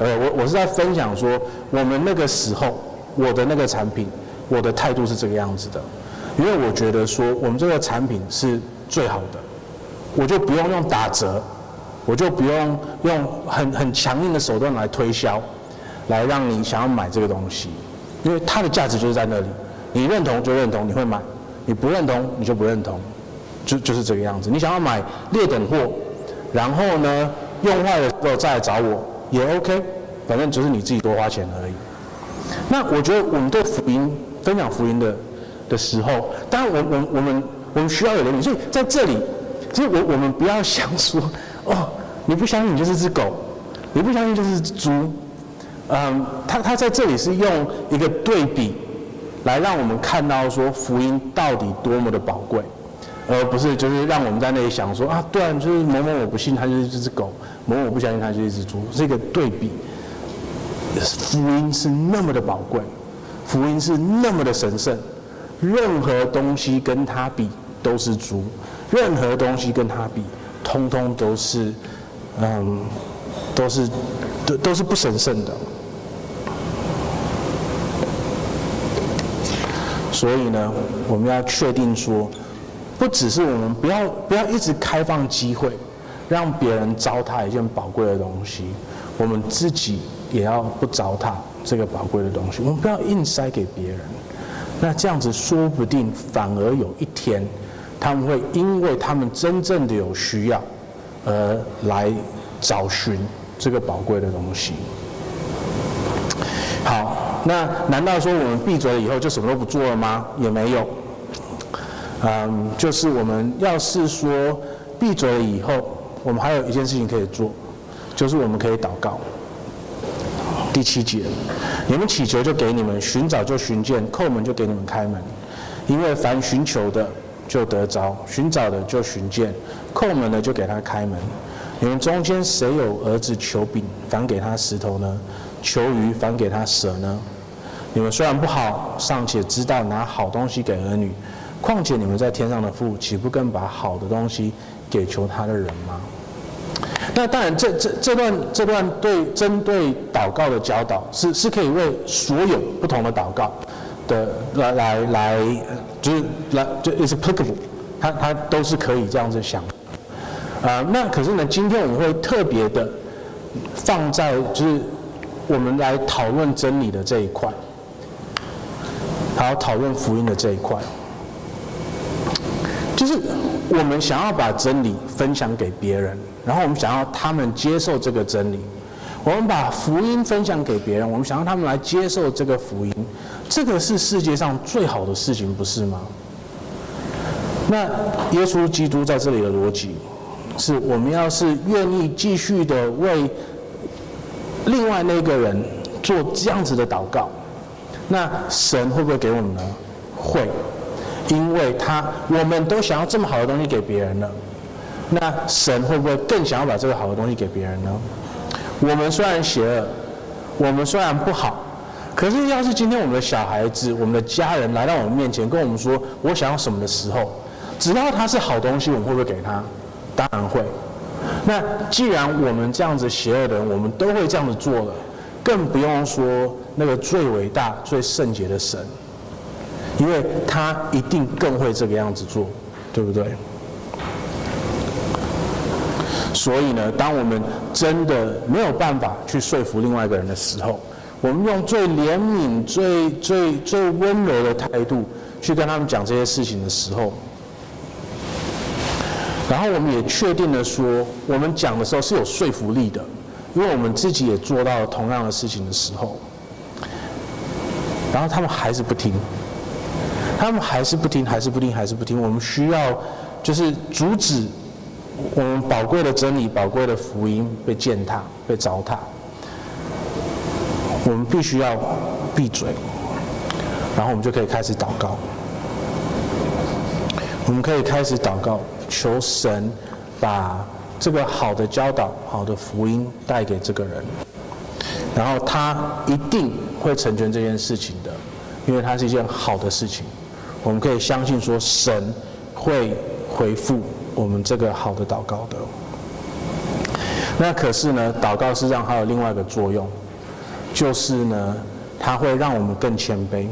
呃，我我是在分享說，我們那個時候我的那個產品，我的態度是這個樣子的，因為我覺得說我們這個產品是最好的，我就不用用打折，我就不用用很很強硬的手段來推銷，來讓你想要買這個東西，因為它的價值就是在那裡，你認同就認同，你會買，你不認同你就不認同，就就是這個樣子。你想要買劣等貨，然後呢用壞了之後再來找我。也 OK，反正只是你自己多花錢而已。那我覺得我們對福音、分享福音的的時候，當然我我我們我們需要有憐憫，所以在這裡，其實我我們不要想說，哦，你不相信你就是隻狗，你不相信就是隻豬，嗯，他他在這裡是用一個對比來讓我們看到說福音到底多麼的寶貴，而不是就是讓我們在那裡想說啊，對啊，就是某某我不信，他就是這隻狗。我不相信他就是一隻豬，這個對比，福音是那麼的寶貴，福音是那麼的神聖，任何東西跟它比都是豬，任何東西跟它比，通通都是，嗯，都是，都都是不神聖的。所以呢，我們要確定說，不只是我們不要不要一直開放機會，讓別人糟蹋一件寶貴的東西，我們自己也要不糟蹋這個寶貴的東西。我們不要硬塞給別人，那這樣子說不定反而有一天，他們會因為他們真正的有需要，而來找尋這個寶貴的東西。好，那難道說我們閉嘴了以後就什麼都不做了嗎？也沒有，嗯，就是我們要是說閉嘴了以後，我們還有一件事情可以做，就是我們可以禱告。第七節，你們祈求就給你們，尋找就尋見，叩門就給你們開門，因為凡尋求的就得着，尋找的就尋見，叩門的就給他開門。你們中間誰有兒子求餅反給他石頭呢？求魚反給他蛇呢？你們雖然不好，尚且知道拿好東西給兒女，況且你們在天上的父，豈不更把好的東西？給求他的人嗎？那當然這，這這這段這段對針對禱告的教導是是可以為所有不同的禱告的來來來，就是來就 is applicable，他他，他都是可以這樣子想啊，呃。那可是呢，今天我們會特別的放在就是我們來討論真理的這一塊，還有討論福音的這一塊。就是我們想要把真理分享給別人，然後我們想要他們接受這個真理。我們把福音分享給別人，我們想讓他們來接受這個福音。這個是世界上最好的事情，不是嗎？那耶穌基督在這裡的邏輯，是我們要是願意繼續的為另外那個人做這樣子的禱告，那神會不會給我們呢？會。因為他，我們都想要這麼好的東西給別人呢，那神會不會更想要把這個好的東西給別人呢？我們雖然邪惡，我們雖然不好，可是要是今天我們的小孩子、我們的家人來到我們面前，跟我們說我想要什麼的時候，只要他是好東西，我們會不會給他？當然會。那既然我們這樣子邪惡的人，我們都會這樣子做的，更不用說那個最偉大、最聖潔的神。因為他一定更會這個樣子做，對不對？所以呢，當我們真的沒有辦法去說服另外一個人的時候，我們用最憐憫、最最最溫柔的態度去跟他們講這些事情的時候，然後我們也確定了說，我們講的時候是有說服力的，因為我們自己也做到了同樣的事情的時候，然後他們還是不聽。他們還是不聽，還是不聽，還是不聽。我們需要，就是阻止我們寶貴的真理、寶貴的福音被踐踏、被糟蹋。我們必須要閉嘴，然後我們就可以開始禱告。我們可以開始禱告，求神把這個好的教導、好的福音帶給這個人，然後他一定會成全這件事情的，因為他是一件好的事情。我們可以相信說，神會回復我們這個好的禱告的。那可是呢，禱告實際上還有另外一個作用，就是呢，它會讓我們更謙卑。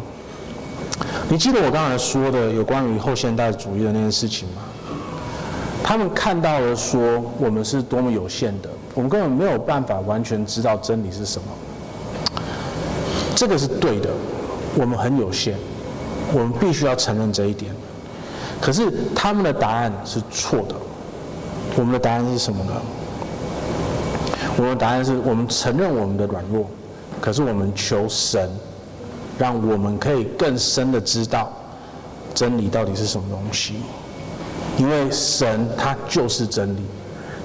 你記得我剛才說的有關於後現代主義的那件事情嗎？他們看到了說，我們是多麼有限的，我們根本沒有辦法完全知道真理是什麼。這個是對的，我們很有限。我們必須要承認這一點，可是他們的答案是錯的。我們的答案是什麼呢？我們的答案是我們承認我們的軟弱，可是我們求神，讓我們可以更深的知道真理到底是什麼東西。因為神他就是真理，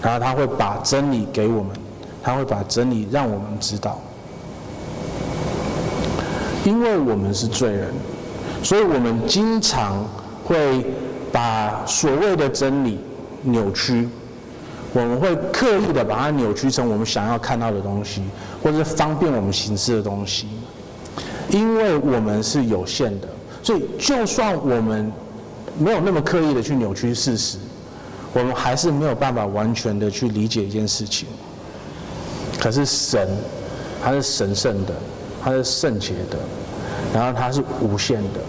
然後他會把真理給我們，他會把真理讓我們知道。因為我們是罪人。所以，我們經常會把所謂的真理扭曲，我們會刻意的把它扭曲成我們想要看到的東西，或者是方便我們行事的東西。因為我們是有限的，所以就算我們沒有那麼刻意的去扭曲事實，我們還是沒有辦法完全的去理解一件事情。可是神，他是神聖的，他是聖潔的，然後他是無限的。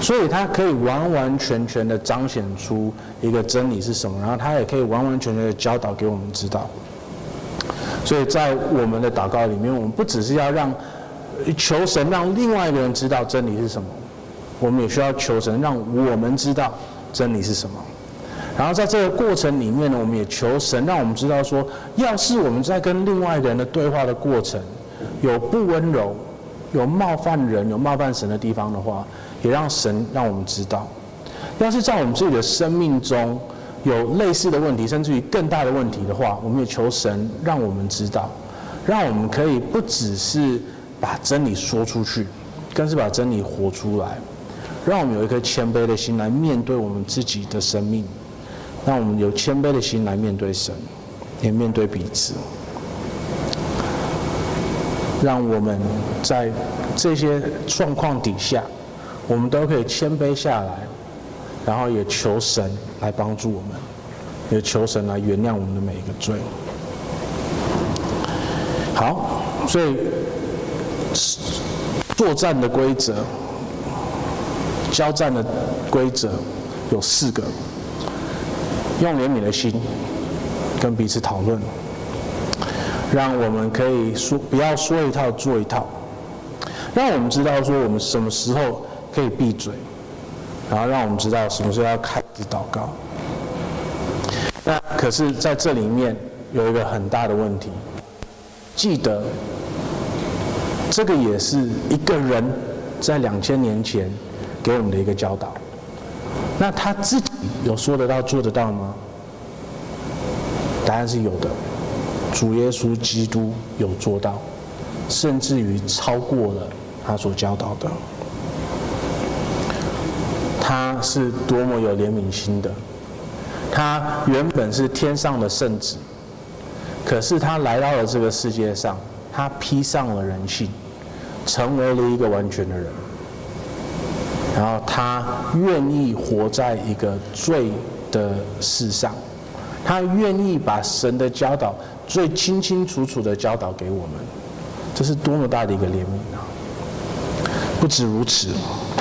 所以他可以完完全全的彰顯出一個真理是什麼，然後他也可以完完全全的教導給我們知道。所以在我們的禱告裡面，我們不只是要讓求神讓另外一個人知道真理是什麼，我們也需要求神讓我們知道真理是什麼。然後在這個過程裡面呢，我們也求神讓我們知道說，要是我們在跟另外一個人的對話的過程，有不溫柔、有冒犯人、有冒犯神的地方的話。也讓神讓我們知道，要是在我們自己的生命中有類似的問題，甚至於更大的問題的話，我們也求神讓我們知道，讓我們可以不只是把真理說出去，更是把真理活出來，讓我們有一顆謙卑的心來面對我們自己的生命，讓我們有謙卑的心來面對神，也面對彼此，讓我們在這些狀況底下。我們都可以謙卑下來，然後也求神來幫助我們，也求神來原諒我們的每一個罪。好，所以作戰的規則、交戰的規則有四個，用憐憫的心跟彼此討論，讓我們可以說，不要說一套做一套，讓我們知道說我們什麼時候。可以閉嘴，然後讓我們知道什麼時候要開始禱告。那可是，在這裡面有一個很大的問題。記得，這個也是一個人在兩千年前給我們的一個教導。那他自己有說得到、做得到嗎？答案是有的。主耶穌基督有做到，甚至於超過了他所教導的。是多麼有憐憫心的！他原本是天上的聖子，可是他來到了這個世界上，他披上了人性，成為了一個完全的人。然後他願意活在一個罪的世上，他願意把神的教導最清清楚楚的教導給我們，這是多麼大的一個憐憫啊！不止如此。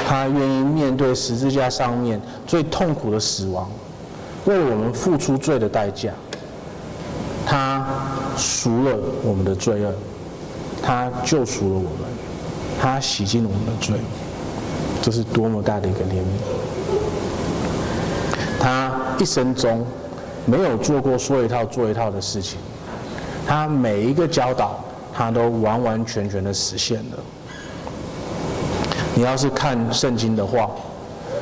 他願意面對十字架上面最痛苦的死亡，為了我們付出罪的代價。他贖了我們的罪惡，他救贖了我們，他洗淨了我們的罪。這是多麼大的一個憐憫！他一生中沒有做過說一套做一套的事情，他每一個教導，他都完完全全的實現了。你要是看聖經的話，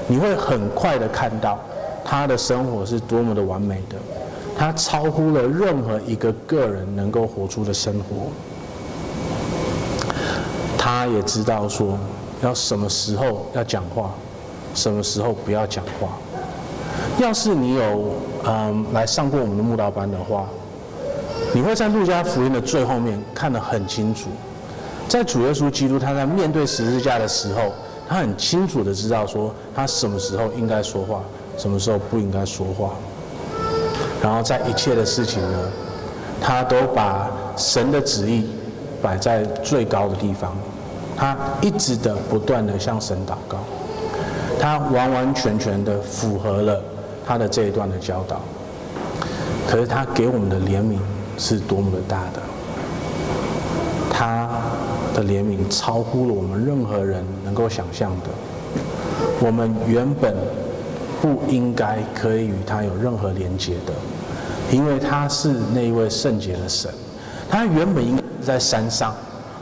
你會很快的看到他的生活是多麼的完美的，他超乎了任何一個個人能夠活出的生活。他也知道說要什麼時候要講話，什麼時候不要講話。要是你有嗯、呃、來上過我們的慕道班的話，你會在路加福音的最後面看得很清楚。在主耶穌基督，他在面對十字架的時候，他很清楚的知道說，他什麼時候應該說話，什麼時候不應該說話。然後在一切的事情呢，他都把神的旨意擺在最高的地方，他一直的不斷的向神禱告，他完完全全的符合了他的這一段的教導。可是他給我們的憐憫是多麼的大的。的憐憫超乎了我們任何人能夠想象的。我們原本不應該可以與他有任何連接的，因為他是那一位聖潔的神。他原本應該在山上，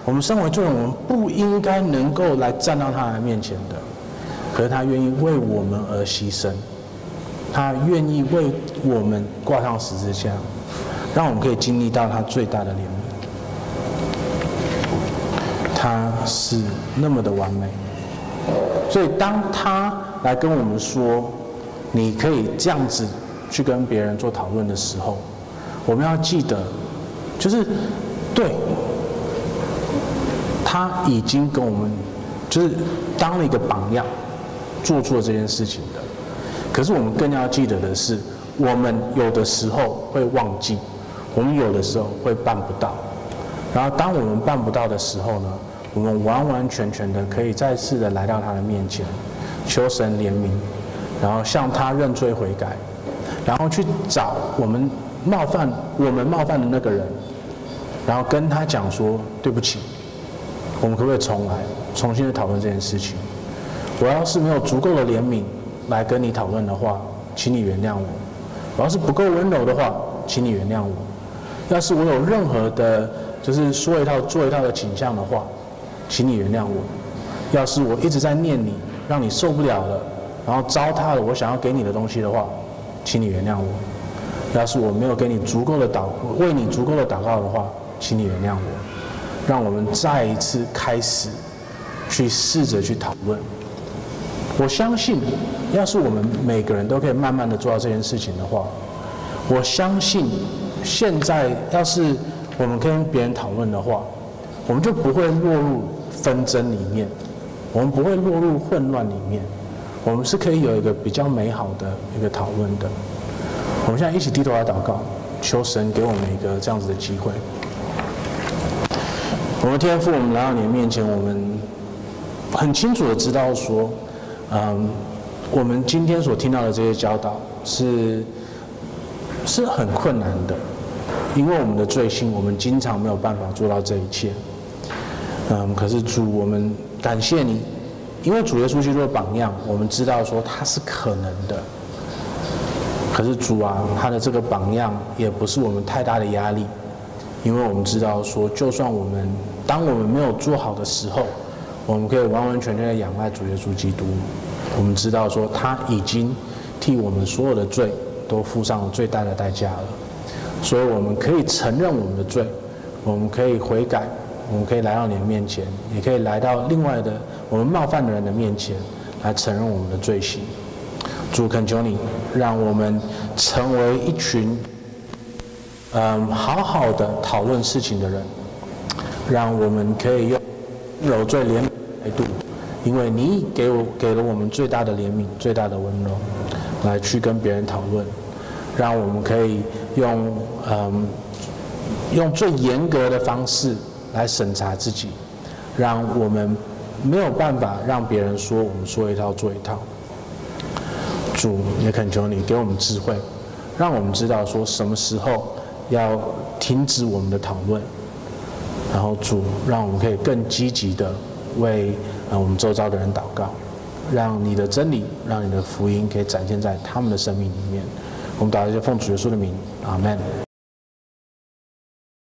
我們身為眾人，我們不應該能夠來站到他的面前的。可是他願意為我們而犧牲，他願意為我們掛上十字架，讓我們可以經歷到他最大的憐。他是那麼的完美，所以當他來跟我們說，你可以這樣子去跟別人做討論的時候，我們要記得，就是對他已經跟我們，就是當了一個榜樣，做出了這件事情的。可是我們更要記得的是，我們有的時候會忘記，我們有的時候會辦不到。然後當我們辦不到的時候呢？我們完完全全的可以再次的來到他的面前，求神憐憫，然後向他認罪悔改，然後去找我們冒犯我們冒犯的那個人，然後跟他講說對不起，我們可不可以重來，重新的討論這件事情？我要是沒有足夠的憐憫來跟你討論的話，請你原諒我；我要是不夠溫柔的話，請你原諒我；要是我有任何的，就是說一套做一套的傾向的話，請你原諒我。要是我一直在念你，讓你受不了了，然後糟蹋了我想要給你的東西的話，請你原諒我。要是我沒有給你足夠的禱，為你足夠的禱告的話，請你原諒我。讓我們再一次開始，去試着去討論。我相信，要是我們每個人都可以慢慢的做到這件事情的話，我相信，現在要是我們跟別人討論的話，我們就不會落入紛爭裡面，我們不會落入混亂裡面，我們是可以有一個比較美好的一個討論的。我們現在一起低頭來禱告，求神給我們一個這樣子的機會。我們天父，我們來到你的面前，我們很清楚的知道說，嗯，我們今天所聽到的這些教導是是很困難的，因為我們的罪行，我們經常沒有辦法做到這一切。嗯，可是主，我們感謝你，因為主耶穌基督的榜樣，我們知道說他是可能的。可是主啊，他的這個榜樣也不是我們太大的壓力，因為我們知道說，就算我們當我們沒有做好的時候，我們可以完完全全的仰賴主耶穌基督。我們知道說他已經替我們所有的罪都付上了最大的代價了，所以我們可以承認我們的罪，我們可以悔改。我們可以來到你的面前，也可以來到另外的我們冒犯的人的面前，來承認我們的罪行。主懇求你，讓我們成為一群，嗯，好好的討論事情的人，讓我們可以用柔罪憐憫的態度，因為你給我給了我們最大的憐憫、最大的溫柔，來去跟別人討論，讓我們可以用嗯，用最嚴格的方式。來審查自己，讓我們沒有辦法讓別人說我們說一套做一套。主也懇求你給我們智慧，讓我們知道說什麼時候要停止我們的討論。然後主讓我們可以更積極的為呃我們周遭的人禱告，讓你的真理，讓你的福音可以展現在他們的生命裡面。我們禱告是奉主耶穌的名，阿門。